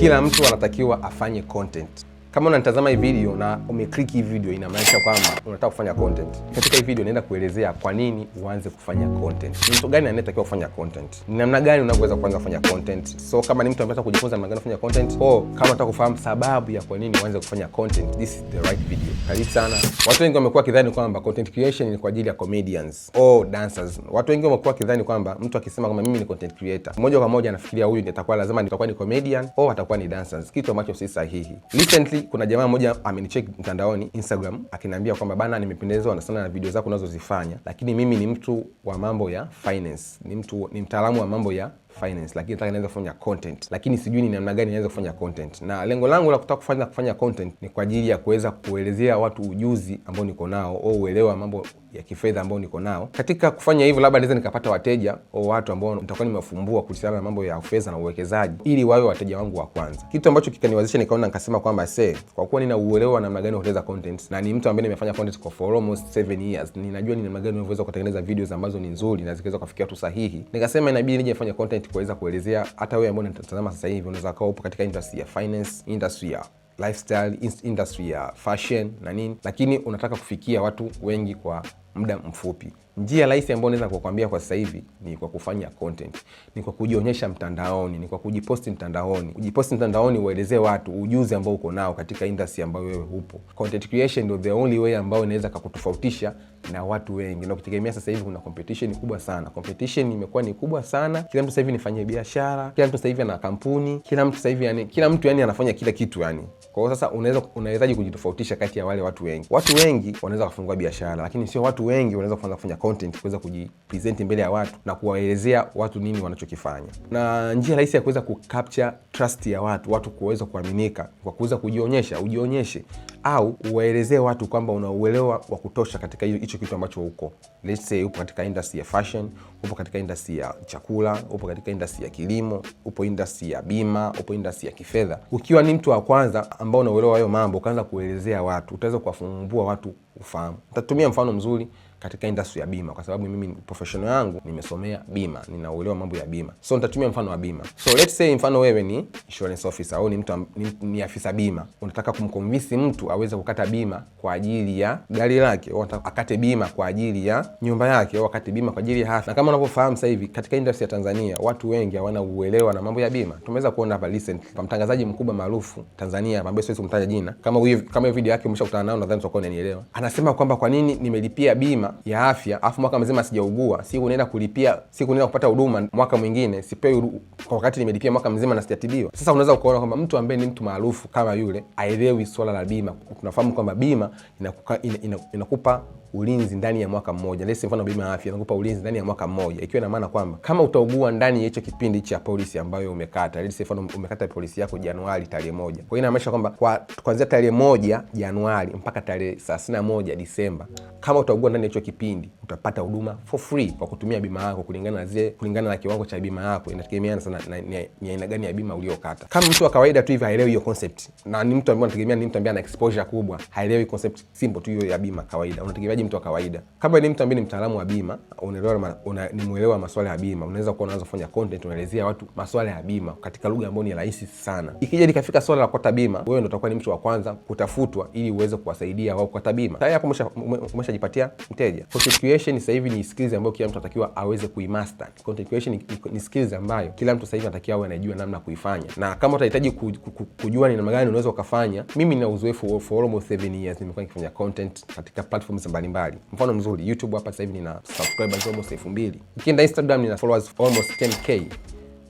kila mtu anatakiwa afanye content. Kama unanitazama hii video na umeclick hii video, inamaanisha kwamba unataka kufanya content. Katika hii video naenda kuelezea kwa nini uanze kufanya content. Ni mtu gani anayetakiwa kufanya content? Ni namna gani unavyoweza kuanza kufanya content? So kama ni mtu ambaye anataka kujifunza namna gani kufanya content, oh, kama unataka kufahamu sababu ya kwa nini uanze kufanya content, this is the right video. Karibu sana. Watu wengi wamekuwa kidhani kwamba content creation ni kwa ajili ya comedians oh, dancers. Watu wengi wamekuwa kidhani kwamba mtu akisema kama mimi ni content creator, moja kwa moja anafikiria huyu atakuwa lazima nitakuwa ni comedian au atakuwa ni dancers, kitu ambacho si sahihi. Recently basi Kuna jamaa mmoja amenicheki mtandaoni Instagram, akiniambia kwamba bana, nimependezwa sana na video zako unazozifanya, lakini mimi ni mtu wa mambo ya finance, ni mtu ni mtaalamu wa mambo ya finance, lakini nataka niweze kufanya content, lakini sijui ni namna gani niweze kufanya content, na lengo langu la kutaka kufanya kufanya content ni kwa ajili ya kuweza kuelezea watu ujuzi ambao niko nao au uelewa mambo ya kifedha ambao niko nao. Katika kufanya hivyo, labda naweza nikapata wateja au watu ambao nitakuwa nimefumbua kuhusiana na mambo ya fedha na uwekezaji, ili wawe wateja wangu wa kwanza, kitu ambacho kikaniwezesha nikaona nikasema kwamba se, kwa kuwa nina uelewa wa namna gani kutengeneza content na ni mtu ambaye nimefanya content kwa for almost 7 years, ninajua ni namna gani unavyoweza kutengeneza videos ambazo ni nzuri na zikiweza kufikia watu sahihi, nikasema inabidi nije nifanye content kuweza kuelezea hata wewe ambaye unatazama sasa hivi unaweza kuwa upo katika industry ya finance, industry ya lifestyle, industry ya fashion na nini, lakini unataka kufikia watu wengi kwa muda mfupi. Njia rahisi ambayo naweza kukwambia kwa sasa hivi ni kwa kufanya content, ni kwa kujionyesha mtandaoni, ni kwa kujiposti mtandaoni. Kujiposti mtandaoni, uelezee watu ujuzi ambao uko nao katika industry ambayo wewe upo. Content creation ndio the only way ambayo inaweza kukutofautisha na watu wengi, na ukitegemea sasa hivi kuna competition kubwa sana. Competition imekuwa ni kubwa sana, kila mtu sasa hivi anafanya biashara, kila mtu sasa hivi ana kampuni, kila mtu sasa hivi yani, kila mtu yani anafanya kila kitu yani. Kwa hiyo sasa unaweza unawezaje kujitofautisha kati ya wale watu wengi? Watu wengi wanaweza kufungua biashara, lakini sio watu wengi wanaweza kuanza kufanya content, kuweza kujipresent mbele ya watu na kuwaelezea watu nini wanachokifanya, na njia rahisi ya kuweza kucapture trust ya watu, watu kuweza kuaminika kwa kuweza kujionyesha, ujionyeshe au uwaelezee watu kwamba una uelewa wa kutosha katika hicho kitu ambacho uko let's say, upo katika industry ya fashion, upo katika industry ya chakula, upo katika industry ya kilimo, upo industry ya bima, upo industry ya kifedha. Ukiwa ni mtu wa kwanza ambao una hayo mambo, ukaanza kuelezea watu, utaweza kuwafungua watu ufahamu. Nitatumia mfano mzuri katika industry ya bima, kwa sababu mimi professional yangu nimesomea bima, ninauelewa mambo ya bima. So nitatumia mfano wa bima. So let's say mfano wewe ni insurance officer au ni mtu ni, ni afisa bima, unataka kumconvince mtu aweze kukata bima kwa ajili ya gari lake, au akate bima kwa ajili ya nyumba yake, au akate bima kwa ajili ya afya. Na kama unavyofahamu sasa hivi katika industry ya Tanzania watu wengi hawana uelewa na mambo ya bima. Tumeweza kuona hapa recent kwa mtangazaji mkubwa maarufu Tanzania ambaye siwezi kumtaja jina, kama huyo kama hiyo video yake umeshakutana nao, nadhani utakuwa unanielewa. Anasema kwamba kwa nini nimelipia bima bima ya afya afu mwaka mzima sijaugua, siku naenda kulipia, siku naenda kupata huduma mwaka mwingine sipewi kwa wakati nimelipia mwaka mzima na sijatibiwa. Sasa unaweza ukaona kwamba mtu ambaye ni mtu maarufu kama yule aelewi swala la bima. Tunafahamu kwamba bima inakupa ulinzi ndani ya mwaka mmoja. Let's mfano bima ya afya nakupa ulinzi ndani ya mwaka mmoja, ikiwa na maana kwamba kama utaugua ndani ya hicho kipindi cha polisi ambayo umekata, let's mfano umekata polisi yako Januari tarehe moja, kwa hiyo inamaanisha kwamba kwa kuanzia tarehe moja Januari mpaka tarehe 31 Disemba, kama utaugua ndani ya hicho kipindi utapata huduma for free kwa kutumia bima yako kulingana na zile, kulingana na kiwango cha bima yako. Inategemeana sana ni aina gani ya bima uliokata. Kama mtu wa kawaida tu hivi haelewi hiyo concept, na ni mtu ambaye anategemea, ni mtu ambaye ana exposure kubwa, haelewi concept simple tu hiyo ya bima kawaida, unategemea unahitaji mtu wa kawaida. Kama ni mtu ambaye ni mtaalamu wa bima, unaelewa una, ni mwelewa masuala ya bima, unaweza kuwa unaanza kufanya content unaelezea watu masuala ya bima katika lugha ambayo ni rahisi sana. Ikija likafika swala la kupata bima, wewe ndio utakuwa ni mtu wa kwanza kutafutwa ili uweze kuwasaidia wao kupata bima. Tayari hapo umeshajipatia mteja. Content creation sasa hivi ni skills ambayo kila mtu anatakiwa aweze kuimaster. Content creation ni, ni skills ambayo kila mtu sasa hivi anatakiwa awe anajua namna kuifanya, na kama utahitaji ku, ku, ku, kujua ni namna gani unaweza ukafanya, mimi nina uzoefu for almost 7 years nimekuwa nikifanya content katika platforms mbalimbali mbalimbali. Mfano mzuri, YouTube hapa sasa hivi nina subscribers almost 2000. Ukienda Instagram nina followers almost 10k.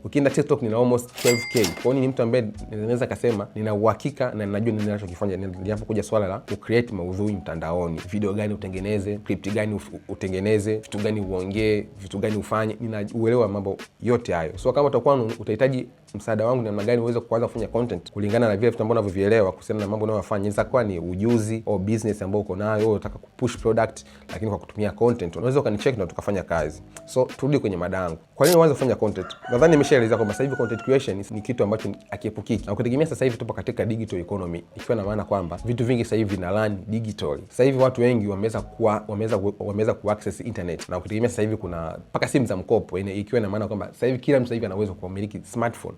Ukienda TikTok nina almost 12k. Kwa hiyo ni mtu ambaye naweza kasema nina uhakika na ninajua nini ninachokifanya ninapokuja swala la ku create maudhui mtandaoni. Video gani utengeneze, script gani utengeneze, vitu gani uongee, vitu gani ufanye, ninauelewa mambo yote hayo. So kama utakuwa utahitaji msaada wangu ni namna gani uweze kuanza kufanya content kulingana na vile vitu ambavyo unavyoelewa kuhusiana na mambo unayofanya. Inaweza kuwa ni ujuzi au business ambayo uko nayo, wewe unataka kupush product lakini kwa kutumia content. Unaweza ukanicheck na tukafanya kazi. So turudi kwenye mada yangu, kwa nini uanze kufanya content? Nadhani nimeshaelezea kwamba sasa hivi content creation ni kitu ambacho akiepukiki na kutegemea. Sasa hivi tupo katika digital economy, ikiwa na maana kwamba vitu vingi sasa hivi vina run digitally. Sasa hivi watu wengi wameweza kuwa wameweza wameweza ku access internet na kutegemea. Sasa hivi kuna mpaka simu za mkopo, ikiwa na maana kwamba sasa hivi kila mtu sasa hivi ana uwezo wa kumiliki smartphone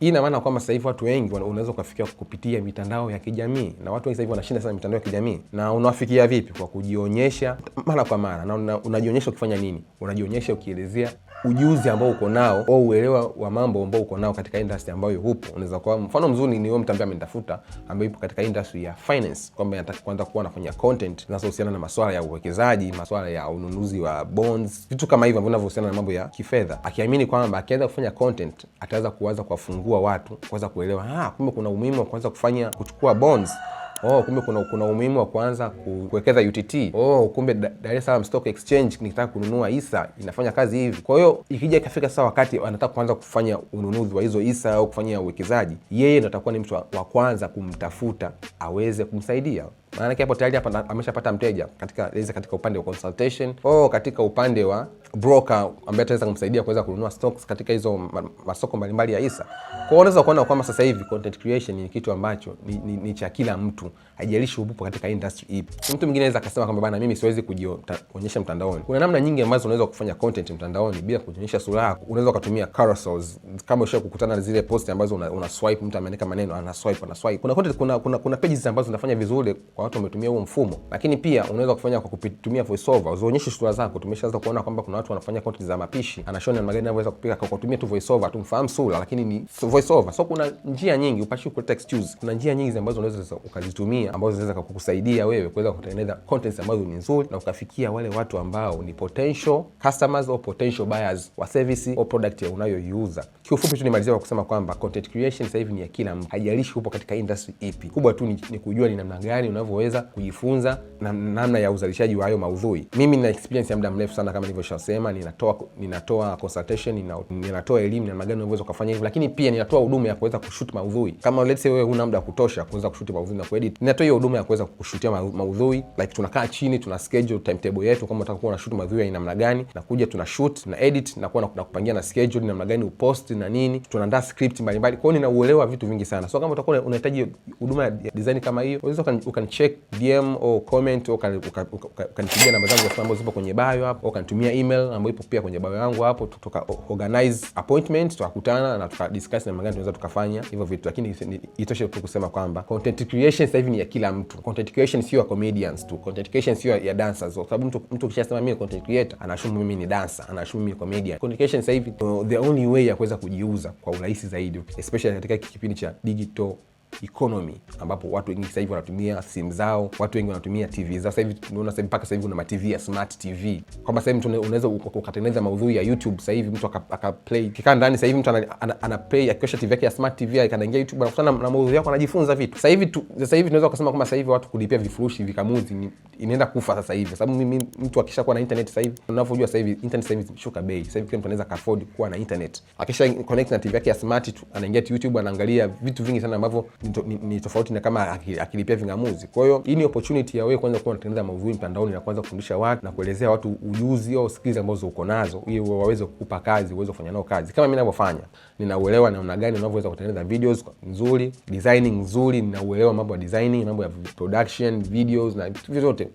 Hii ina maana kwamba sasa hivi watu wengi unaweza ukafikia kupitia mitandao ya kijamii, na watu wengi sasa hivi wanashinda sana mitandao ya kijamii. Na unawafikia vipi? Kwa kujionyesha mara kwa mara. Na una, unajionyesha ukifanya nini? Unajionyesha ukielezea ujuzi ambao uko nao au uelewa wa mambo ambao uko nao katika industry ambayo upo. Unaweza kwa mfano mzuri ni wewe mtu ambaye amenitafuta ambaye yupo katika industry ya finance, kwamba anataka kwanza kuwa anafanya content zinazohusiana na masuala ya uwekezaji, masuala ya ununuzi wa bonds, vitu kama hivyo vinavyohusiana na mambo ya kifedha, akiamini kwamba akianza kufanya content ataweza kuanza kuwafungua kuwatambua watu, kuweza kuelewa ah, kumbe kuna umuhimu wa kuanza kufanya kuchukua bonds Oh, kumbe kuna, kuna umuhimu wa kuanza kuwekeza UTT. Oh, kumbe Dar es Salaam Stock Exchange nikitaka kununua hisa inafanya kazi hivi. Kwa hiyo ikija ikafika saa wakati anataka kuanza kufanya ununuzi wa hizo hisa au kufanya uwekezaji, yeye ndo atakuwa ni mtu wa kwanza kumtafuta aweze kumsaidia maanake hapo tayari ameshapata mteja katika, katika upande wa consultation au oh, katika upande wa broker ambaye ataweza kumsaidia kuweza kununua stocks katika hizo masoko mbalimbali ya hisa. Kwa hiyo unaweza kuona kwamba sasa hivi content creation ni kitu ambacho ni, ni, ni cha kila mtu, haijalishi upo katika industry ipi. Mtu mwingine anaweza akasema kwamba bana, mimi siwezi kujionyesha mtandaoni. Kuna namna nyingi ambazo unaweza kufanya content mtandaoni bila kujionyesha sura yako. Unaweza ukatumia carousels kama usha kukutana zile posti ambazo una, una swipe, mtu ameandika maneno ana swipe ana swipe. Kuna content, kuna, kuna, kuna pages ambazo zinafanya vizuri kwa watu wametumia huo mfumo, lakini pia unaweza kufanya kwa kutumia voiceover, uzionyeshe sura zako. Tumeshaanza kuona kwamba kuna watu wanafanya content za mapishi, anashona namna gani anavyoweza kupika kwa kutumia tu voiceover, tumfahamu sura, lakini ni voiceover. So kuna njia nyingi, upashi kuleta excuse, kuna njia nyingi ambazo unaweza ukazitumia ambazo zinaweza kukusaidia wewe kuweza kutengeneza content ambazo ni nzuri na ukafikia wale watu ambao ni potential customers au potential buyers wa service au product unayoiuza. Kiufupi tu nimalizia kwa kusema kwamba content creation sasa hivi ni ya kila mtu, haijalishi upo katika industry ipi, kubwa tu ni, ni kujua ni namna gani unavyo unavyoweza kujifunza na namna ya uzalishaji wa hayo maudhui. Mimi nina experience ya muda mrefu sana, kama nilivyoshasema, ninatoa ninatoa consultation, ninatoa elimu na magani unaweza kufanya hivyo, lakini pia ninatoa huduma ya kuweza kushoot maudhui. Kama let's say wewe una muda wa kutosha kuweza kushoot maudhui na kuedit, ninatoa hiyo huduma ya kuweza kushutia maudhui, like tunakaa chini, tuna schedule timetable yetu, kama unataka kuwa na shoot maudhui ya namna gani, na kuja tuna shoot na edit na kuwa na kupangia na schedule namna gani upost na nini, tunaandaa script mbalimbali. Kwa hiyo ninauelewa vitu vingi sana, so kama utakuwa unahitaji huduma ya design kama hiyo, unaweza ukanicheki check DM au comment au ukanipigia namba zangu ambazo zipo kwenye bio hapo, au kanitumia email ambayo ipo pia kwenye bio yangu hapo, tuka organize appointment, tukakutana na tuka discuss namna gani tunaweza tukafanya hivyo vitu. Lakini itoshe tu kusema kwamba content creation sasa hivi ni ya kila mtu. Content creation sio ya comedians tu, content creation sio ya dancers, kwa sababu mtu mtu kishasema mimi content creator anashumu mimi ni dancer, anashumu mimi comedian. Content creation sasa hivi uh, the only way ya kuweza kujiuza kwa urahisi zaidi, especially katika kipindi cha digital economy, ambapo watu wengi sasa hivi wanatumia simu zao, watu wengi wanatumia TV zao. Sasa hivi tunaona sasa mpaka sasa hivi kuna matv ya smart TV, kwamba sasa hivi unaweza ukatengeneza maudhui ya YouTube. Sasa hivi mtu akaplay aka kikaa ndani, sasa hivi mtu play akiosha TV yake ya smart TV, anaingia YouTube, anakutana na maudhui yako, anajifunza vitu. Sasa hivi sasa hivi tunaweza kusema kwamba sasa hivi watu kulipia vifurushi vikamuzi inaenda kufa sasa hivi, sababu mimi mtu akishakuwa na internet sasa hivi, unavyojua sasa hivi internet sasa hivi imeshuka bei. Sasa hivi kila mtu anaweza afford kuwa na internet, akisha connect na TV yake ya smart, anaingia YouTube, anaangalia vitu vingi sana ambavyo ni tofauti na kama akilipia ving'amuzi. Kwa hiyo hii ni opportunity ya wewe kwanza kuwa unatengeneza maudhui mtandaoni na kuanza kufundisha watu na kuelezea watu ujuzi au skills ambazo uko nazo ili waweze kukupa kazi, uweze kufanya nao kazi. Kama mimi ninavyofanya, ninauelewa namna gani unavyoweza kutengeneza videos nzuri, designing nzuri, ninauelewa mambo ya designing, mambo ya production videos na vitu vyote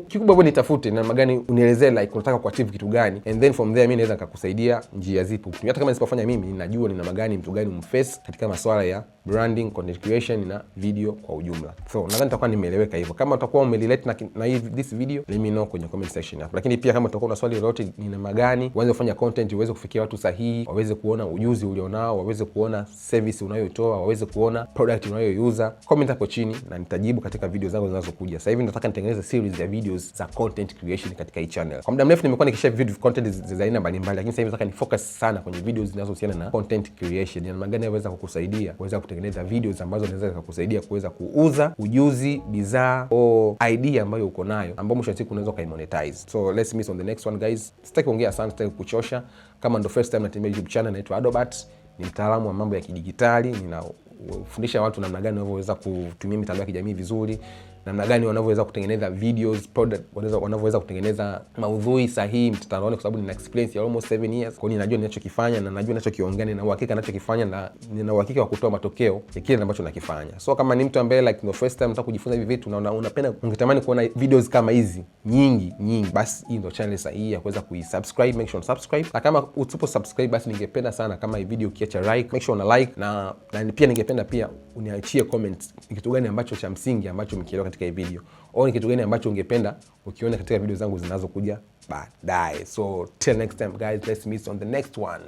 kikubwa wewe nitafute na namna gani, unielezee like unataka kuachieve kitu gani, and then from there mimi naweza nikakusaidia njia zipo Hata kama nisipofanya mimi, ninajua ni namna gani mtu gani umface katika masuala ya branding, content creation na video kwa ujumla. So nadhani nitakuwa nimeeleweka hivyo. Kama utakuwa umerelate na, na hii this video, let me know kwenye comment section hapo. Lakini pia kama utakuwa na swali lolote, ni namna gani uanze kufanya content uweze kufikia watu sahihi, waweze kuona ujuzi ulionao, waweze kuona service unayotoa, waweze kuona product unayoiuza, comment hapo chini na nitajibu katika video zangu zinazokuja. Sasa hivi nataka nitengeneze kutengeneza series ya videos za content creation katika hii channel. Kwa muda mrefu nimekuwa nikishare video content za aina mbalimbali, lakini sasa hivi nataka nifocus sana kwenye videos zinazohusiana na content creation. Namna gani inaweza kukusaidia kuweza kutengeneza videos ambazo zinaweza kukusaidia kuweza kuuza ujuzi, bidhaa au idea ambayo uko nayo, ambayo mwisho wa siku unaweza kuimonetize. So let's miss on the next one guys. Sitaki kuongea sana, sitaki kuchosha. Kama ndo first time natembea YouTube channel, naitwa Adobert, ni mtaalamu wa mambo ya kidijitali, ninafundisha watu namna gani wanavyoweza kutumia mitandao ya kijamii vizuri, namna gani wanavyoweza kutengeneza videos product, wanavyoweza kutengeneza maudhui sahihi mtandaoni, kwa sababu nina experience ya almost 7 years. Kwa hiyo ninajua ninachokifanya na najua ninachokiongea, nina uhakika ninachokifanya na nina uhakika wa kutoa matokeo ya kile ambacho nakifanya. So kama ni mtu ambaye like no first time nataka kujifunza hivi vitu na unapenda ungetamani kuona videos kama hizi nyingi nyingi, basi hii ndio channel sahihi ya kuweza kuisubscribe. Make sure subscribe, na kama usipo subscribe, basi ningependa sana kama hii video ukiacha like, make sure una like na, na pia ningependa pia uniachie comment, kitu gani ambacho cha msingi ambacho mkielewa katika hii video, au ni kitu gani ambacho ungependa ukiona katika video zangu zinazokuja baadaye. So till next time guys, let's meet on the next one.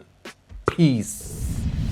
Peace.